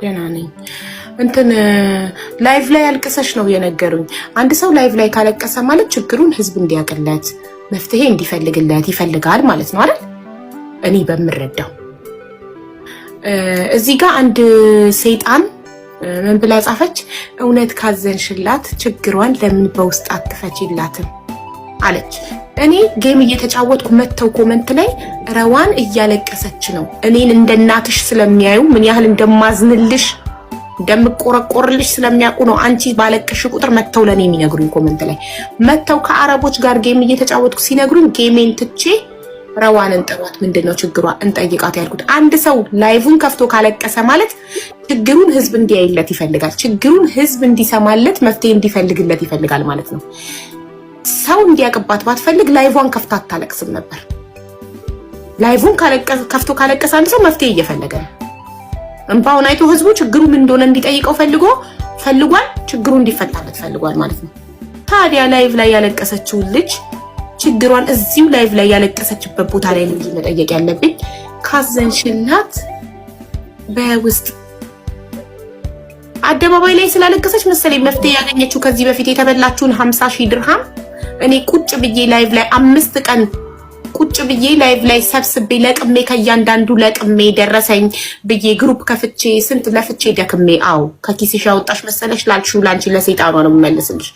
ደህና ነኝ። እንትን ላይቭ ላይ አልቅሰሽ ነው የነገሩኝ። አንድ ሰው ላይቭ ላይ ካለቀሰ ማለት ችግሩን ህዝብ እንዲያውቅለት መፍትሄ እንዲፈልግለት ይፈልጋል ማለት ነው አይደል? እኔ በምረዳው እዚህ ጋር አንድ ሰይጣን ምን ብላ ጻፈች? እውነት ካዘንሽላት ችግሯን ለምን በውስጥ አትፈችላትም አለች። እኔ ጌም እየተጫወትኩ መተው ኮመንት ላይ ረዋን እያለቀሰች ነው እኔን እንደ እናትሽ ስለሚያዩ ምን ያህል እንደማዝንልሽ እንደምቆረቆርልሽ ስለሚያውቁ ነው። አንቺ ባለቀሽ ቁጥር መተው ለእኔ የሚነግሩኝ ኮመንት ላይ መተው ከአረቦች ጋር ጌም እየተጫወትኩ ሲነግሩኝ ጌሜን ትቼ ረዋን እንጠሯት፣ ምንድን ነው ችግሯ እንጠይቃት ያልኩት። አንድ ሰው ላይቭን ከፍቶ ካለቀሰ ማለት ችግሩን ህዝብ እንዲያይለት ይፈልጋል። ችግሩን ህዝብ እንዲሰማለት መፍትሄ እንዲፈልግለት ይፈልጋል ማለት ነው። ሰው እንዲያቅባት ባትፈልግ ላይቫን ከፍታ አታለቅስም ነበር። ላይቭን ከፍቶ ካለቀሰ አንድ ሰው መፍትሄ እየፈለገ ነው። እንባውን አይቶ ህዝቡ ችግሩ ምን እንደሆነ እንዲጠይቀው ፈልጎ ፈልጓል። ችግሩ እንዲፈታለት ፈልጓል ማለት ነው። ታዲያ ላይቭ ላይ ያለቀሰችውን ልጅ ችግሯን እዚሁ ላይቭ ላይ ያለቀሰችበት ቦታ ላይ ነው መጠየቅ ያለብኝ ካዘንሽላት በውስጥ አደባባይ ላይ ስላለቀሰች መሰለኝ መፍትሄ ያገኘችው ከዚህ በፊት የተበላችሁን ሀምሳ ሺህ ድርሃም እኔ ቁጭ ብዬ ላይቭ ላይ አምስት ቀን ቁጭ ብዬ ላይቭ ላይ ሰብስቤ ለቅሜ ከእያንዳንዱ ለቅሜ ደረሰኝ ብዬ ግሩፕ ከፍቼ ስንት ለፍቼ ደክሜ፣ አዎ ከኪስሽ ያወጣሽ መሰለሽ ላልሽው ላንቺ ለሴጣኗ ነው የምመልስልሽ።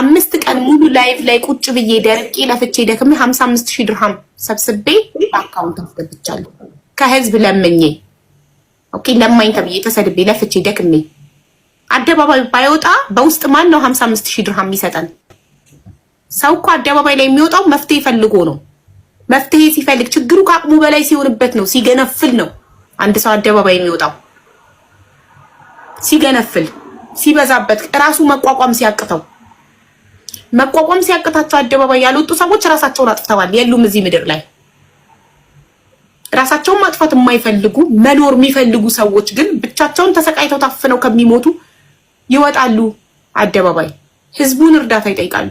አምስት ቀን ሙሉ ላይቭ ላይ ቁጭ ብዬ ደርቄ ለፍቼ ደክሜ ሀምሳ አምስት ሺህ ድርሃም ሰብስቤ አካውንት አስገብቻለሁ ከህዝብ ለምኜ። ኦኬ ለማኝ ተብዬ ተሰድቤ ለፍቼ ደክሜ አደባባይ ባይወጣ በውስጥ ማን ነው ሀምሳ አምስት ሺህ ድርሃም ይሰጠን? ሰው እኮ አደባባይ ላይ የሚወጣው መፍትሄ ፈልጎ ነው። መፍትሄ ሲፈልግ ችግሩ ከአቅሙ በላይ ሲሆንበት ነው፣ ሲገነፍል ነው አንድ ሰው አደባባይ የሚወጣው ሲገነፍል፣ ሲበዛበት፣ ራሱ መቋቋም ሲያቅተው። መቋቋም ሲያቅታቸው አደባባይ ያልወጡ ሰዎች ራሳቸውን አጥፍተዋል፣ የሉም እዚህ ምድር ላይ። ራሳቸውን ማጥፋት የማይፈልጉ መኖር የሚፈልጉ ሰዎች ግን ብቻቸውን ተሰቃይተው ታፍነው ከሚሞቱ ይወጣሉ አደባባይ፣ ህዝቡን እርዳታ ይጠይቃሉ።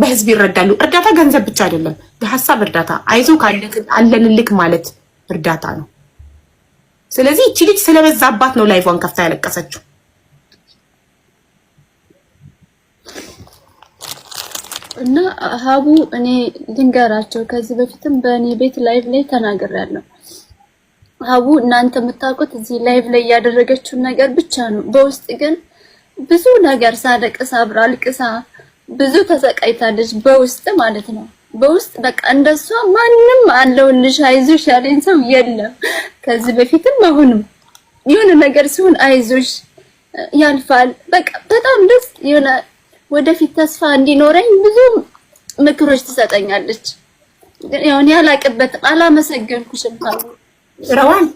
በህዝብ ይረዳሉ። እርዳታ ገንዘብ ብቻ አይደለም፣ በሀሳብ እርዳታ፣ አይዞ አለንልክ ማለት እርዳታ ነው። ስለዚህ እቺ ልጅ ስለበዛባት ነው ላይፏን ከፍታ ያለቀሰችው። እና ሀቡ እኔ ልንገራቸው፣ ከዚህ በፊትም በእኔ ቤት ላይቭ ላይ ተናግሬያለሁ። ሀቡ እናንተ የምታውቁት እዚህ ላይቭ ላይ እያደረገችውን ነገር ብቻ ነው። በውስጥ ግን ብዙ ነገር ሳለቅሳ አብራ አልቅሳ ብዙ ተሰቃይታለች፣ በውስጥ ማለት ነው። በውስጥ በቃ እንደሷ ማንም አለውልሽ አይዞሽ ያለኝ ሰው የለም። ከዚህ በፊትም አሁንም የሆነ ነገር ሲሆን አይዞሽ ያልፋል። በቃ በጣም ደስ የሆነ ወደፊት ተስፋ እንዲኖረኝ ብዙ ምክሮች ትሰጠኛለች። ያውን ያላቅበት አላመሰገንኩሽም ረዋን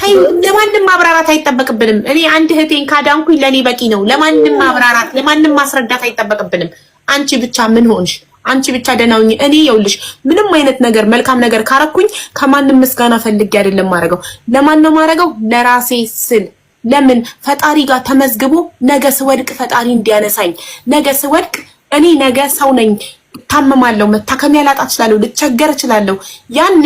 ታይ ለማንም ማብራራት አይጠበቅብንም። እኔ አንድ እህቴን ካዳንኩኝ ለኔ በቂ ነው። ለማንም ማብራራት፣ ለማንም ማስረዳት አይጠበቅብንም። አንቺ ብቻ ምን ሆንሽ? አንቺ ብቻ ደህና ሁኚ። እኔ ይኸውልሽ ምንም አይነት ነገር መልካም ነገር ካረኩኝ ከማንም ምስጋና ፈልጌ አይደለም ማረገው። ለማን ነው ማረገው? ለራሴ ስል ለምን ፈጣሪ ጋር ተመዝግቦ ነገ ስወድቅ ፈጣሪ እንዲያነሳኝ። ነገ ስወድቅ እኔ ነገ ሰው ነኝ፣ ታመማለሁ፣ መታከሚያ ላጣ እችላለሁ፣ ልቸገር እችላለሁ። ያኔ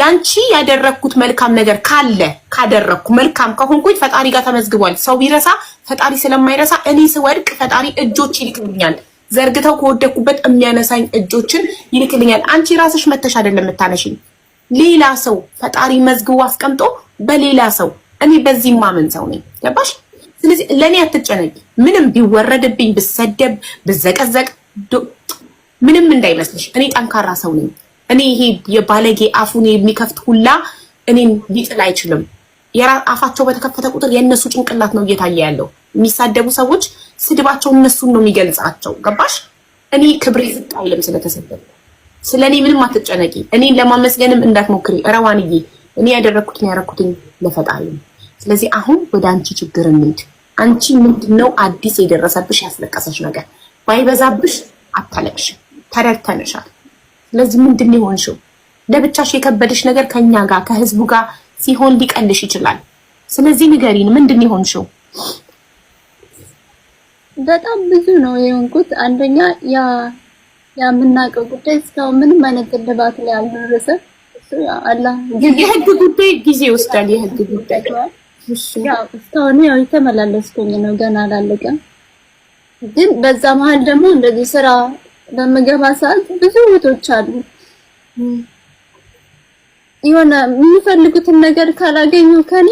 ላንቺ ያደረግኩት መልካም ነገር ካለ ካደረግኩ መልካም ከሆንኩኝ ፈጣሪ ጋር ተመዝግቧል። ሰው ቢረሳ ፈጣሪ ስለማይረሳ እኔ ስወድቅ ፈጣሪ እጆች ይልክልኛል። ዘርግተው ከወደኩበት የሚያነሳኝ እጆችን ይልክልኛል። አንቺ ራስሽ መተሽ አይደለም የምታነሽኝ፣ ሌላ ሰው ፈጣሪ መዝግቡ አስቀምጦ በሌላ ሰው። እኔ በዚህ ማመን ሰው ነኝ። ገባሽ? ስለዚህ ለእኔ አትጨነቂ። ምንም ቢወረድብኝ፣ ብሰደብ፣ ብዘቀዘቅ ምንም እንዳይመስልሽ። እኔ ጠንካራ ሰው ነኝ። እኔ ይሄ የባለጌ አፉን የሚከፍት ሁላ እኔን ሊጥል አይችልም። የራ አፋቸው በተከፈተ ቁጥር የእነሱ ጭንቅላት ነው እየታየ ያለው። የሚሳደቡ ሰዎች ስድባቸው እነሱን ነው የሚገልጻቸው። ገባሽ? እኔ ክብሬ ዝቅ አይልም ስለተሰደብ። ስለ እኔ ምንም አትጨነቂ። እኔን ለማመስገንም እንዳትሞክሪ ረዋንዬ። እኔ ያደረግኩትን ያደረግኩትን ለፈጣሪ ነው። ስለዚህ አሁን ወደ አንቺ ችግር እንሂድ። አንቺ ምንድን ነው አዲስ የደረሰብሽ ያስለቀሰሽ ነገር? ባይበዛብሽ አታለቅሽ፣ ተረድተንሻል። ስለዚህ ምንድን የሆንሽው ለብቻሽ የከበደሽ ነገር ከኛ ጋር ከህዝቡ ጋር ሲሆን ሊቀልሽ ይችላል። ስለዚህ ንገሪን፣ ምንድን የሆንሽው? በጣም ብዙ ነው የሆንኩት። አንደኛ ያ የምናውቀው ጉዳይ እስካሁን ምንም አይነት እልባት ላይ አልደረሰ። እሱ አላህ የህግ ጉዳይ ጊዜ ይወስዳል። የህግ ጉዳይ ያው እስካሁን ያው የተመላለስኩኝ ነው፣ ገና አላለቀም። ግን በዛ መሀል ደግሞ እንደዚህ ስራ በምገባ ሰዓት ብዙ እህቶች አሉ የሆነ የሚፈልጉትን ነገር ካላገኙ ከኔ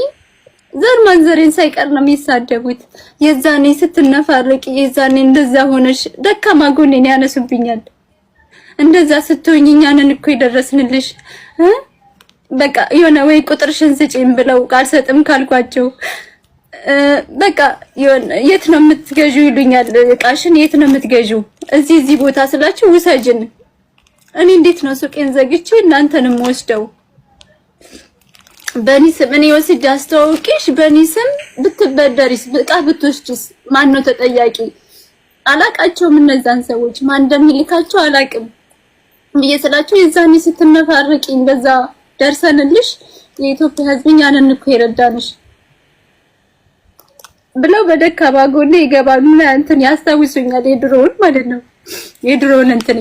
ዘር ማንዘሬን ሳይቀር ነው የሚሳደቡት። የዛኔ ስትነፋረቂ፣ የዛኔ እንደዛ ሆነሽ ደካማ ጎኔን ያነሱብኛል። እንደዛ ስትሆኝ እኛንን እኮ የደረስንልሽ በቃ የሆነ ወይ ቁጥርሽን ስጪም ብለው አልሰጥም ካልኳቸው በቃ የት ነው የምትገዢው ይሉኛል። እቃሽን የት ነው የምትገዢው? እዚህ እዚህ ቦታ ስላችሁ ውሰጅን። እኔ እንዴት ነው ሱቄን ዘግቼ እናንተንም ወስደው በእኔ ስም እኔ ወስጄ አስተዋውቂሽ፣ በእኔ ስም ብትበደሪስ፣ ዕቃ ብትወስጂስ ማን ነው ተጠያቂ? አላቃቸውም እነዛን ሰዎች ማን እንደሚልካቸው አላቅም ብዬ ስላቸው የዛኔ ስትነፋርቂኝ በዛ ደርሰንልሽ የኢትዮጵያ ሕዝብ እኛንን እኮ የረዳንሽ ብለው በደካ ጎኔ ይገባሉ እንትን ያስታውሱኛል። የድሮውን ማለት ነው የድሮውን እንትን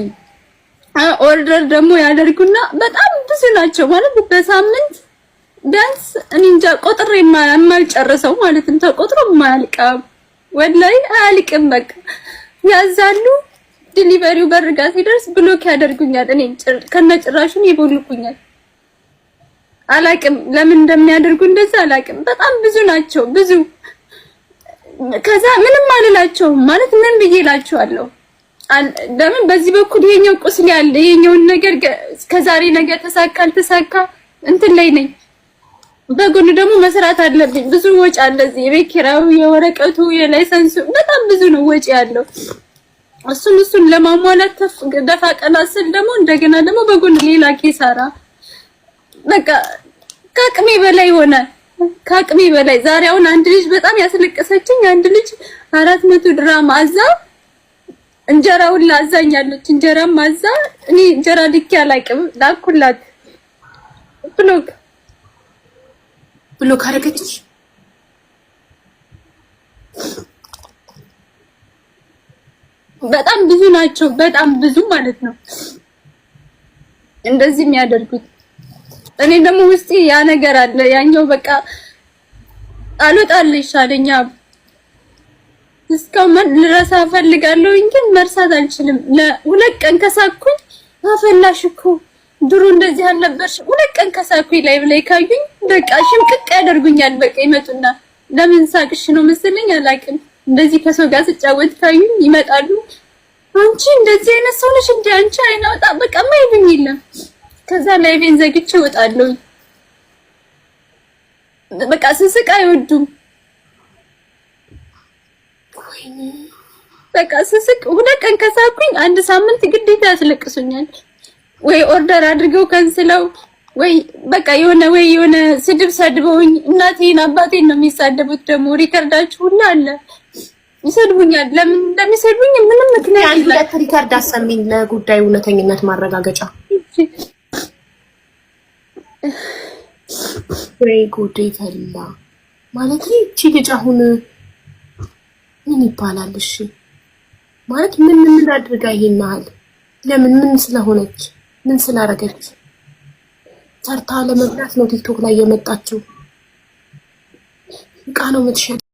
ኦርደር ደግሞ ያደርጉና በጣም ብዙ ናቸው ማለት በሳምንት ቢያንስ እኔ እንጃ ቆጥሬ የማልጨርሰው ማለትም ተቆጥሮ የማያልቀም ወላይ አያልቅም። በቃ ያዛሉ። ዲሊቨሪው በርጋ ሲደርስ ብሎክ ያደርጉኛል። እኔ ከነጭራሹን ይቦልኩኛል። አላቅም ለምን እንደሚያደርጉ እንደዛ አላቅም። በጣም ብዙ ናቸው ብዙ። ከዛ ምንም አልላቸውም ማለት ምን ብዬ እላቸዋለሁ? ለምን በዚህ በኩል ይሄኛው ቁስል ያለ ይሄኛውን ነገር ከዛሬ ነገር ተሳካ አልተሳካ እንትን ላይ ነኝ በጎን ደግሞ መስራት አለብኝ። ብዙ ወጪ አለ። እዚህ የቤት ኪራዩ፣ የወረቀቱ፣ የላይሰንሱ በጣም ብዙ ነው ወጪ ያለው። እሱን እሱን ለማሟላት ደፋ ቀና ስል ደግሞ እንደገና ደግሞ በጎን ሌላ ኪሳራ። በቃ ከአቅሜ በላይ ሆነ። ከአቅሜ በላይ ዛሬ አሁን አንድ ልጅ በጣም ያስለቀሰችኝ አንድ ልጅ አራት መቶ ድራም አዛ እንጀራውን ላዛኛለች። እንጀራም አዛ እኔ እንጀራ ልኬ አላውቅም ላኩላት ብሎክ ብሎ ካረገችሽ በጣም ብዙ ናቸው። በጣም ብዙ ማለት ነው እንደዚህ የሚያደርጉት። እኔ ደግሞ ውስጤ ያ ነገር አለ። ያኛው በቃ አልወጣልሽ አለኛ እስካሁን ልረሳ እፈልጋለሁ ግን መርሳት አልችልም። ለሁለት ቀን ከሳኩኝ አፈላሽ እኮ ድሮ እንደዚህ አልነበርሽ። ሁለት ቀን ከሳኩኝ ላይ ላይ ካዩኝ በቃ ሽምቅቅ ያደርጉኛል። በቃ ይመጡና ለምን ሳቅሽ ነው መሰለኝ አላውቅም። እንደዚህ ከሰው ጋር ስጫወት ካዩኝ ይመጣሉ። አንቺ እንደዚህ አይነት ሰው ነሽ እንዴ? አንቺ ወጣ በቃ ማይብኝ የለም። ከዛ ቤን ዘግቼ እወጣለሁ። በቃ ስስቅ አይወዱም። በቃ ስስቅ ሁለት ቀን ከሳኩኝ አንድ ሳምንት ግዴታ ያስለቅሱኛል። ወይ ኦርደር አድርገው ከንስለው ወይ በቃ የሆነ ወይ የሆነ ስድብ ሰድበውኝ እናቴን አባቴን ነው የሚሳደቡት። ደግሞ ሪከርዳችሁ ሁሉ አለ ይሰድቡኛል። ለምን እንደሚሰድቡኝ ምንም ምክንያት የለም። ሁለት ሪከርድ አሰሚኝ ለጉዳዩ እውነተኝነት ማረጋገጫ። ወይ ጉዴ ፈላ ማለት እቺ ልጅ አሁን ምን ይባላል? እሺ ማለት ምን ምን አድርጋ ይሄን ይናል? ለምን ምን ስለሆነች ምን ስላረገች ሰርታ ለመብላት ነው ቲክቶክ ላይ የመጣችው። እቃ ነው የምትሸጠው።